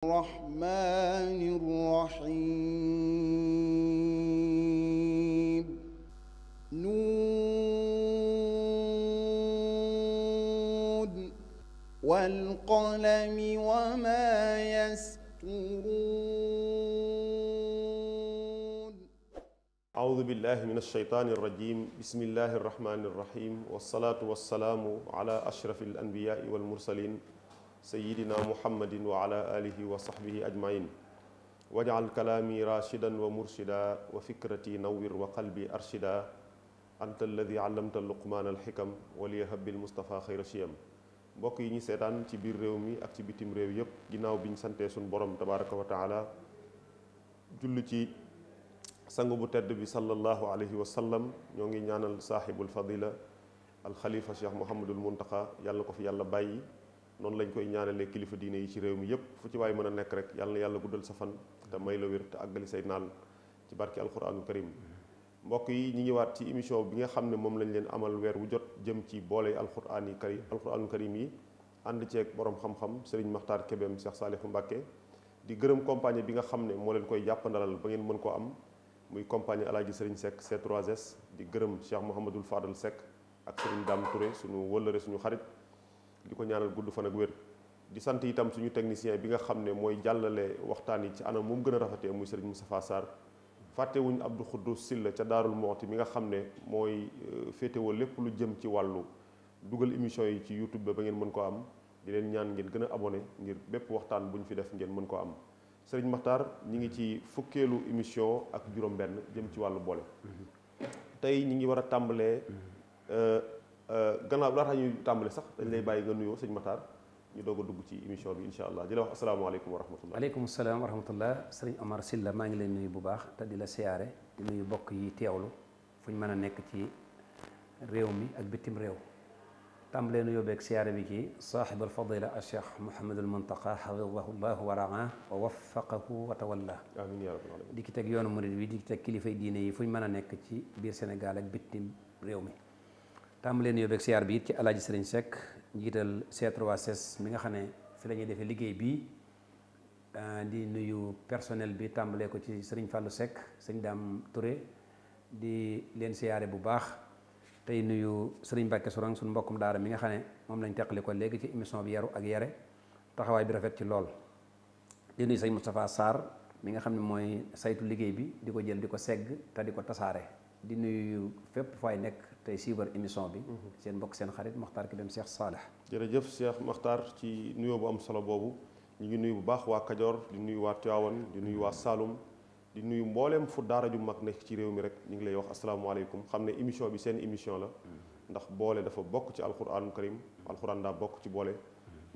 الرحمن الرحيم نون والقلم وما يسطرون أعوذ بالله من الشيطان الرجيم بسم الله الرحمن الرحيم والصلاة والسلام على أشرف الأنبياء والمرسلين sayidina muhammadin wa ala alihi wa sahbihi ajmain wajal kalaami rashidan wa murshida wa fikrati nawwir wa qalbi arshida anta alladi allamta luqmaan alxikam waliyahab bil mustafa xayra shiyam mbokk yi ñu seetaan ci biir réew mi ak ci bitim réew yépp ginnaaw bi ñu santee suñ borom tabaraka wa taala julli ci sang bu tedd bi sallallahu alayhi wa sallam ñoo ngi ñaanal saaxibul fadila alxalifa cheikh muhammadul muntaxa yàlla ko fi yàlla bàyyi noonu lañ koy ñaanalee kilifa diine yi ci réew mi yépp fu ci waay mën a nekk rek yàlla na yàlla guddal sa fan te may la wér te àggali say naal ci barke alxuraanul karim mbokk yi ñu ngi waat ci émission bi nga xam ne moom lañ leen amal weer wu jot jëm ci boole alxuraan yi karim alxuraanul karim yi ànd ceeg boroom xam-xam Serigne Makhtar Kébem Cheikh Salihou Mbacké di gërëm compagnie bi nga xam ne moo leen koy jàppandalal ba ngeen mën ko am muy compagnie Alaaji Serigne Seck C3S di gërëm Cheikh Mouhamadoul Fadal Seck ak Serigne Dame Touré suñu wëllëre suñu xarit di ko ñaanal gudd fan wér di sant itam suñu technicien bi nga xam ne mooy jàllale waxtaan yi ci anam moom gën a rafetee muy sëriñ Moustapha Sarr fàttewuñ Abdou Khoudous Silla ca Daarul Moxti mi nga xam ne mooy euh, féetewoo lépp lu jëm ci wàllu dugal émission yi ci YouTube ba ba ngeen mën ko am di leen ñaan ngeen gën a ngir bépp waxtaan bu ñu fi def ngeen mën ko am sëriñ Maxtaar ñi ngi ci fukkeelu émission ak juróom-benn jëm ci wàllu boole mm-hmm. tey ñi ngi war Euh, gannaaw laataa ñuy tàmbali sax dañ lay bàyyi nga nuyoo sëñ Matar ñu doog a dugg ci émission bi incha allah di la wax asalaamaaleykum wa rahmatullah aleykum salaam wa rahmatullah sëriñ Omar Silla maa ngi lay nuyu bu baax te di la siyaare di nuyu bokk yi teewlu fu ñu mën a nekk ci réew mi ak bitim réew tàmbalee nuyoo beeg siyaare bi ci saaxibul fadila acheikh Mouhamadul Muntaqa xafidahu llahu wa raa wa waffaqahu wa tawalla amiin yaa rabbal aalamiin di ki teg yoonu murid bi di ki teg kilifay diine yi fu ñu mën a nekk ci biir Sénégal ak bitim réew mi tàmbalee nuyoo beeg siyaar bi it ci alaaji sëriñ Seck njiital C3S mi nga xam ne fi la ñuy defee liggéey bii ah, di nuyu personnel bi tàmbalee ko ci sëriñ Fallou Seck sëñ Dame ture di leen siyaare bu baax tey nuyu sëriñ Mbacke Sourang suñ mbokkum daara mi nga xam ne moom lañ teqali ko léegi ci émission bi yaru ak yare taxawaay bi rafet ci lool di nuyu sëñ Moustapha Sarr mi nga xam ne mooy saytu liggéey bi di ko jël di ko segg te di ko tasaare di nuyu fépp nekk tey siibar émission bi. Mhm. seen mbokk seen xarit Makhtar ki dem Cheikh Saleh. jërëjëf Cheikh Makhtar ci nuyoo bu am solo boobu ñu ngi nuyu bu baax waa Kajoor di nuyu waa Tivaouane di nuyu waa Saloum di nuyu mbooleem fu daara ju mag nekk ci réew mi rek ñu ngi lay wax asalaamaaleykum xam ne émission bi seen émission la. Mm. ndax boole dafa bokk ci alxuraanu karim alxuraan daa bokk ci boole. Mm.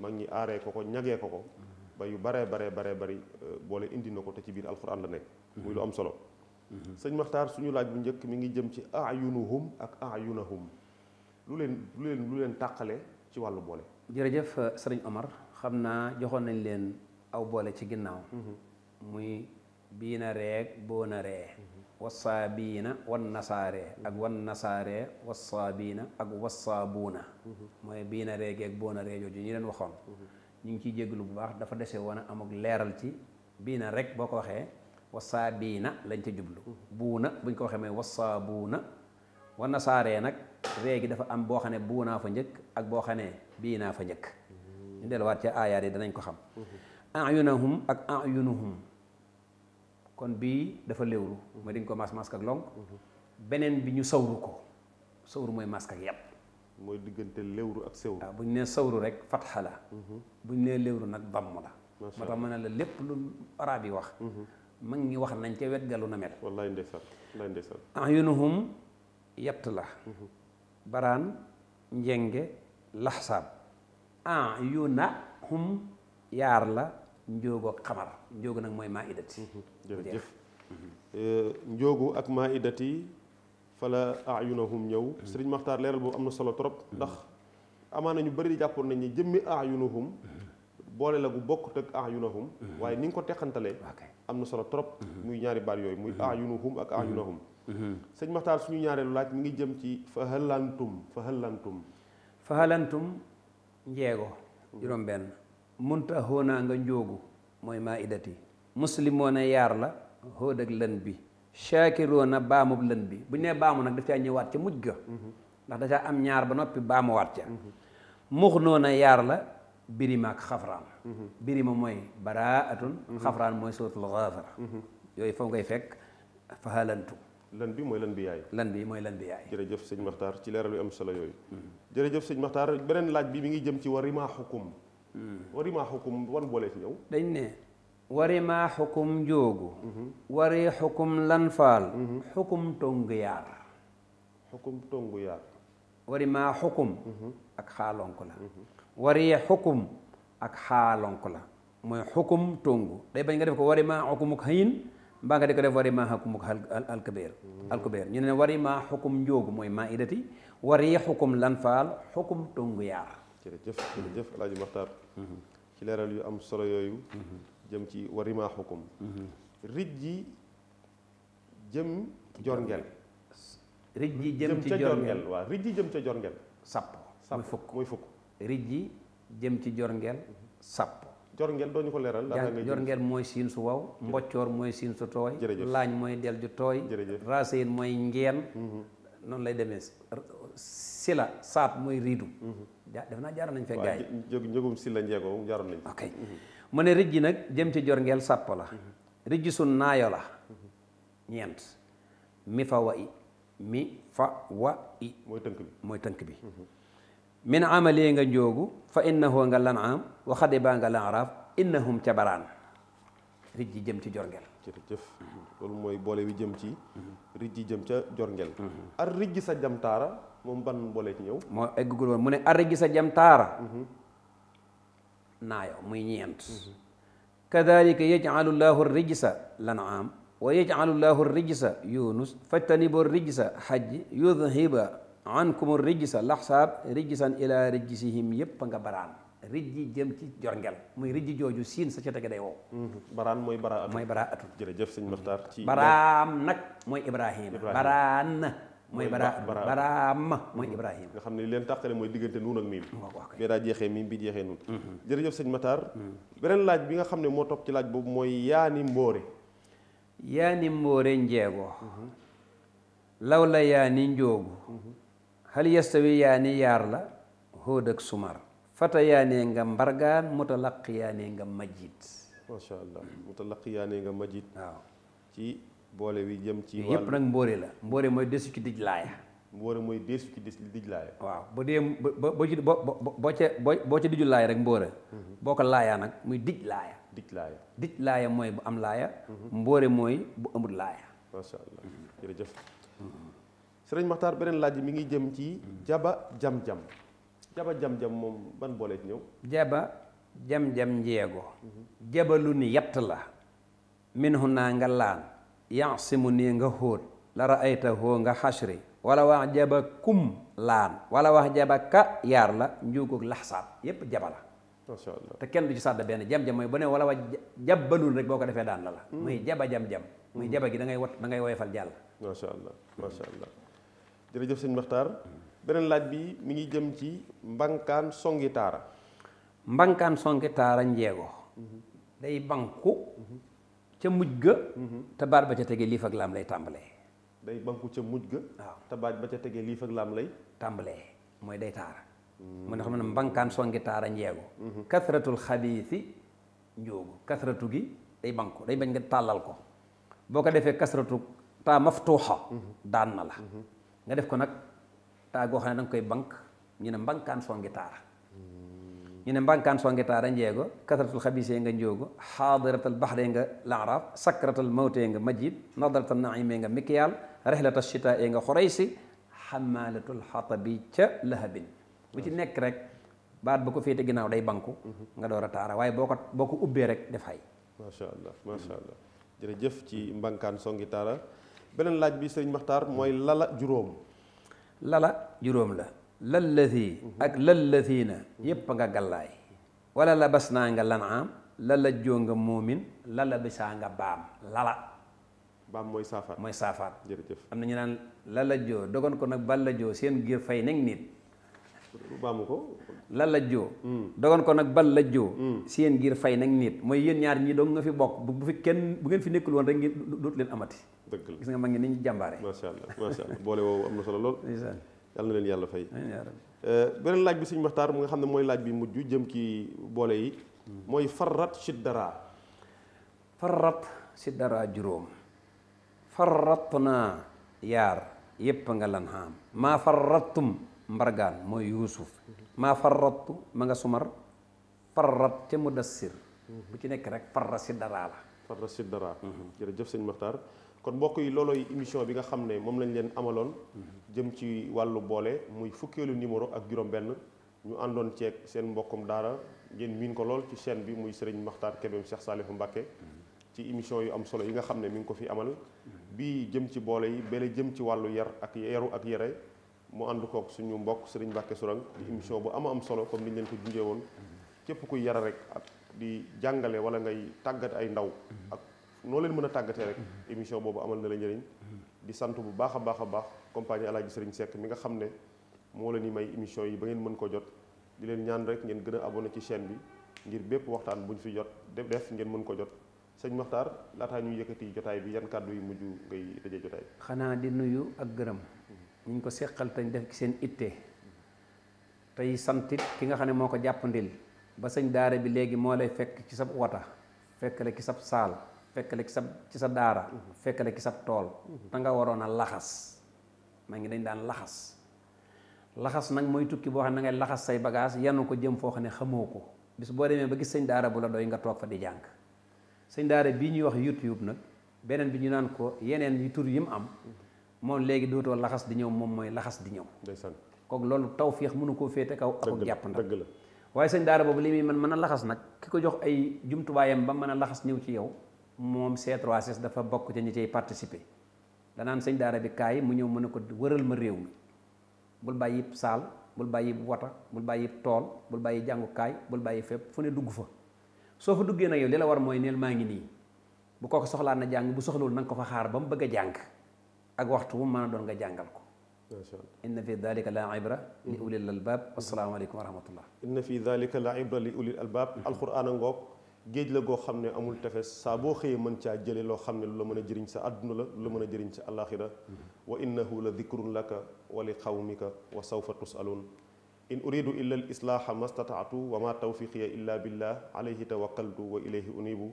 mag ñi aaree ko ko ñagee ko ko. Mm. ba yu baree baree baree bari euh, boole indi na ko te ci biir alxuraan la nekk. muy am solo. Mm-hmm. sëñ Maxtaar suñu laaj bu njëkk mi ngi jëm ci ayunuhum ak ayunahum lu leen lu leen lu leen tàqale ci wàllu boole. jërëjëf euh, sëriñ Omar xam naa joxoon nañ leen aw boole ci ginnaaw. Mm-hmm. muy biina reeg boona ree. Mm-hmm. wassaabiina wan nasaaree ak wan nasaaree wassaabiina ak wassaabuuna. mooy biina reegeeg boona ree jooju ñu leen waxoon. ñu ngi ciy jégalu bu baax dafa dese woon a am ak leeral ci biina rek boo ko waxee. wasaabiina lañ ca jublu buuna buñ ko waxee mooy wasaabuuna wa nasaaree nag réegi dafa am boo xam ne buunaa fa njëkk ak boo xam ne biinaa fa njëkk ñu delluwaat ca aayaat yi danañ ko xam ayunahum ak ayunuhum kon bii dafa léwlu mooy dañ ko mas mask ak lonk beneen bi ñu sawru ko sawru mooy mask ak yàpp mooy diggante léwru ak sawru bu ñu nee sawru rek fatxa la mhm. bu ñu nee léwru nag damm la moo tax mën la lépp lu arab yi wax mhm. mag ñi wax nañ ca wet galu na mel wallaay ndeysaan wallaay ndeysaan ayunuhum yett la baraan njenge laxsaab ayunahum yaar la njóogoog xamar njóogu nag mooy maa idati mhm, jërëjëf mhm. eh, njóogu ak maa idati fala ayunahum ñëw mhm. sëriñ maxtaar leeral boobu am na solo trop ndax amaana ñu bari jàppoon nañ ni jëmmi ayunahum boole la gu bokkut ak ayunahum waaye ni ko teqantalee am na solo trop. Mhm. muy ñaari baat yooyu muy mhm. ayunuhum ak mhm. ayunahum. sëñ Maxtaar suñu ñaareelu laaj mi ngi jëm ci fahalantum fahalantum. fahalantum njeego. juróom-benn munta hoonaa nga njoogu mooy maa idati. muslimoona yaar la hóod ak lën bi. shaakiroona baamub lën bi bu ñu baamu nag daf caa ñëwaat ca mujj ga. ndax da am ñaar ba noppi baamuwaat ca. mux noona yaar la. birima ak xafraan mhm. birima mooy baraatun mhm. xafraan mooy suratul xaafara mhm. yooyu foofu ngay fekk fahalantu lan bi mooy lan bi lan bi mooy lan bi yaay jërëjëf sëñ maxtaar ci leeral yu am solo yooyu jërëjëf sëñ maxtaar beneen laaj bi mi ngi jëm ci warimaa xukum warimaa xukum wan boole ñëw dañ ne warimaa xukum njoogu wari xukum lan faal xukum tongu yaar xukum tongu ak xaalonk la waree xukum ak xaalonk la mooy xukum tongu de bañ nga def ko wari maa xukumuk xëyin mbaa nga di ko def wari maa xukumuk alkubeer alkubeer ñu ne wari maa xukum njóogu mooy maa idati waree xukum lan faal xukum tongu yaar jërëjëf ci leeral yu am solo yooyu jëm ci wari maa xukum rij jëm jorngel rij ji jëm ci jorngel waaw rij ji jëm ca jorngel sàpp fukk rijji jëm ci jorngeel sàpp jorngeel doo ñu ko leeral jorngeel mooy siin su waw mboccoor mooy siin su tooy laañ mooy del ju tooy raaséyin mooy ngeen mm-hmm. noonu lay demee sila saat mooy riidu mm-hmm. def naa jaaroon nañ fee gaay njëgum sila njeegoo jaaroon nañ ok mm-hmm. mu ne rijji nag jëm ci jorngeel sàpp la rijji su naayo la ñeent mi fa wa i mi fa wa i mooy tënk bi min amalee nga njoogu fa innahoo nga lan am waxade baa nga lan raaf innahum ca baraan rij jëm ci jorngel jërëjëf loolu mooy jëm ci rij ji jëm ca jorngel ar rij sa jam moom ban boole ñëw moo eggugul woon mu ne ar rij sa jam taara muy ñeent kadalika yajcalu llahu rijsa lan am wa yajcalu llahu rijsa yunus fajtanibu rijsa xaj yudhiba ankum rijsa laxsaab rijsan ila rijsihim yépp nga baraan rijji jëm ci jorngel muy rijji jooju siin sa ca tege day wow mhm. baraan mooy baraa mooy baraa atul jërëjëf sëñ Maxtaar ci baraam nag mooy ibrahima baraan mooy bara baraam mhm. mooy ibrahima nga xam ne leen tàqale mooy diggante nuun ak miim bee daa jeexee miim bi jeexee nuun mhm. jërëjëf sëñ Maxtaar beneen laaj bi nga xam ne moo topp ci laaj boobu mooy yaani mbóore yaani mbóore njeego law la yaani njoogu hal yastawi yaani yaar la Hóod ak Sumar fata yaanee nga mbargaan mutalaq yaanee nga majid macha allah mutalaq nga majid waaw ci boole wi jëm ci wàll yépp nag mbóore la mbóore mooy desu ci dij laaya mooy desu ci dij waaw bu dee boo ci boo ca boo laaya rek mbóore mhm. boo ko laayaa nag muy dij laaya dij laaya dij laaya mooy bu am laaya mhm. mbóore mooy bu amul laaya sëriñ Maxtaar beneen laaj mi ngi jëm ci jaba jam-jam jaba jam-jam moom ban booleet ñëw jaba jam-jam njeego jabalu ni yatt la min hu naa nga laan yansimu nii nga xóot lara ayta hoo nga xasri wala wax jaba kum laan wala wax jaba ka yaar la njuugoog laxsaab yépp jaba la macha allah te kenn du ci sàdda benn jam-jam mooy bu wala wax jabalul rek boo ko defee daan la hmm. muy jaba jam-jam muy hmm. jaba gi da ngay da ngay woyofal jàll allah jërëjëf sëñ Maxtaar beneen laaj bi mi ngi jëm ci mbankaan songi taara mbankaan songi taara njeego mhm. day banku mhm. ca mujj ga mhm. te ba ca tege liif fag laam lay tàmbalee day banku ca mujj ga waaw te baat ba ca tege liif ak laam lay tàmbalee mooy day taara mm. mu ne xam ne mbankaan songi taara njeego kasratul xabiisi njóogu kasratu gi day banku day bañ nga tàllal ko boo ko defee kasratu taa maftuuxa daan na la nga def ko nag taa goo xam ne da koy bank ñu ne mbankaan songi taara ñu ne mbankaan songi taara njeego kasratul xabisee nga njoogo xaadiratal baxree nga laaraaf sakratal mawtee nga majid nadratal naimee nga mikiyaal rehlata chitae nga xoraysi xamaalatul xatabi ca lahabin bu ci nekk rek baat ba ko féete ginnaaw day banku nga door a taara waaye boo ko boo ko ubbee rek def xay macha allah macha allah jërëjëf ci mbankaan songi beneen laaj bi sëriñ Maxtaar mooy lala juróom. lala juróom la. lallati ak lallatiina yépp nga gallaay. wala la bas naa nga lanaam lala joo nga moomin lala bisaa nga baam lala. baam mooy saafaat mooy saafaat. jërëjëf am na ñu naan lala joo dogon ko nag balla joo seen giir fay nag nit. baamu ko. lala joo. Hmm. dogon ko nag balla joo. Hmm. seen giir fay nag nit mooy yéen ñaar ñi doog nga fi bokk bu fi kenn bu ngeen fi nekkul woon rek ngeen dootu leen amati. dëgg la gis nga mag ngi ni ñu jàmbaare. macha allah macha allah boole woowu am na solo lool. yàlla na leen fay. Eh, beneen laaj bi suñu waxtaan mu nga xam ne mooy laaj bi mujju jëm ki boole yi. Hmm. mooy farrat si dara. farrat si dara juróom. farrat naa yaar maa farrattum mbargaan mooy yuusuf. maa farrattu ma nga sumar. farrat te mudassir hmm. bu ci nekk rek farra si dara la. farra si dara. Hmm. kon mbokk yi loolooy émission bi nga xam ne moom lañu leen amaloon jëm ci wàllu boole muy fukkeelu numéro ak juróom-benn ñu àndoon ceeg seen mbokkum daara ngeen miin ko lool ci seen bi muy Serigne Makhtar Kébem Cheikh Salifou Mbacké ci émission yu am solo yi nga xam ne mi ngi ko fi amal bii jëm ci boole yi bele jëm ci wàllu yar ak yaru ak yare mu ànd kook suñu mbokk Serigne Mbacké Sourang di émission bu ama am solo comme niñ leen ko junjee woon képp kuy yara rek ak di jàngale wala ngay tàggat ay ndaw noo leen mën a tàggatee rek émission boobu amal na la njëriñ di sant bu baax a baax a baax compagnie Alaaji Sëriñ sekk mi nga xam ne moo leen di may émission yi ba ngeen mën ko jot di leen ñaan rek ngeen gën a abonné ci chaîne bi ngir bépp waxtaan bu ñu fi jot def def ngeen mën ko jot sëñ Maxtaar laataa ñuy yëkkati jotaay bi yan kàddu yu mujj ngay tëjee jotaay xanaa di nuyu ak gërëm ñu ko seqal tañ def ci seen itte tey santit ki nga xam ne moo ko jàppandil ba sëñ daara bi léegi moo lay fekk ci sab wata fekk la ci sab saal fekk la ci sa ci sa daara fekk la ci sa tool da nga waroon a laxas maa ngi dañ daan laxas laxas nag mooy tukki boo xam ne da ngay laxas say bagage yanu ko jëm foo xam ne xamoo ko bis boo demee ba gis sëñ daara bu la dooy nga toog fa di jàng sëñ daara bii ñuy wax YouTube nag beneen bi ñu naan ko yeneen yu tur yi mu am moom léegi dootoo laxas di ñëw moom mooy laxas di ñëw kook loolu taw tawféex mënu koo féete kaw ak jàpp na waaye sëñ daara boobu li muy man mën a laxas nag ki ko jox ay jumtuwaayam ba mën a laxas ñëw ci yow moom C3S dafa bokk ci ñi cay participer danaan sëñ daara bi kaay mu ñëw mën a ko wëral ma réew mi bul bàyyi saal bul bàyyi bu wata bul bàyyi tool bul bàyyi jàngukaay bul bàyyi fépp fu ne dugg fa soo fa duggee nag yow li la war mooy neel maa ngi nii bu kooku soxlaa na jàng bu soxlawul na ko fa xaar ba mu bëgg a jàng ak waxtu bu a doon nga jàngal ko inna fi dalika la ibra li la albab wasalaamaaleykum wa rahmatullah inna fi dalika la ibra li géej la goo xam ne amul tefes saa boo xëyee mën caa jële loo xam ne lu la mën a jëriñ sa àdduna la lu la mën a jëriñ sa alaxira mm-hmm. wa innahu la dikrun laka wa li qawmika wa sawfa tusalun in uridu illa al islaaha ma stataatu wa ma tawfiqiya illa billah alayhi tawakkaltu wa ilayhi unibu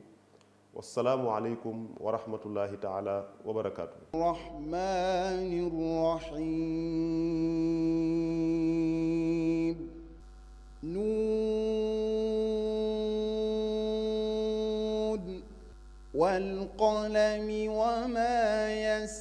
wassalaamu aleykum wa rahmatullahi taala wa barakaatu rahmaani rahim والقلم وما يسرون